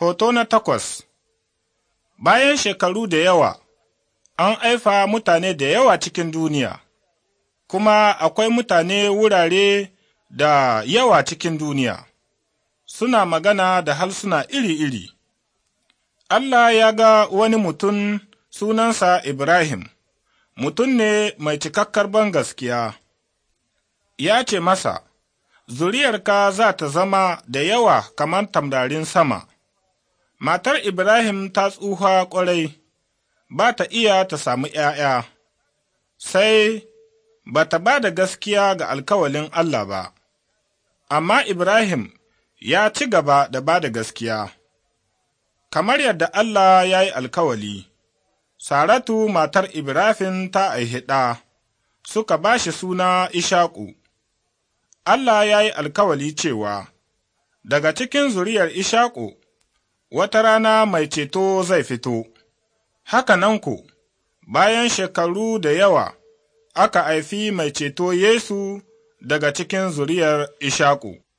Hoto na takwas Bayan shekaru da yawa, an aifa mutane da yawa cikin duniya, kuma akwai mutane wurare da yawa cikin duniya, suna magana da halsuna iri-iri. Allah ya ga wani mutum sunansa Ibrahim, mutum ne mai cikakkar ban gaskiya. Ya ce masa, Zuriyarka za ta zama da yawa kamar tamdarin sama. Matar Ibrahim ta tsufa ƙwarai, ba ta iya ta samu ’ya'ya, sai ba ta ba da gaskiya ga alkawalin Allah ba, amma Ibrahim ya ci gaba da ba da gaskiya, kamar yadda Allah ya yi alkawali. Saratu matar Ibrahim ta aihiɗa ɗa, suka ba shi suna Ishaku. Allah ya yi alkawali cewa, Daga cikin zuriyar Ishaku wata rana mai ceto zai fito. Haka nan ku, bayan shekaru da yawa, aka haifi mai ceto Yesu daga cikin zuriyar Ishaku.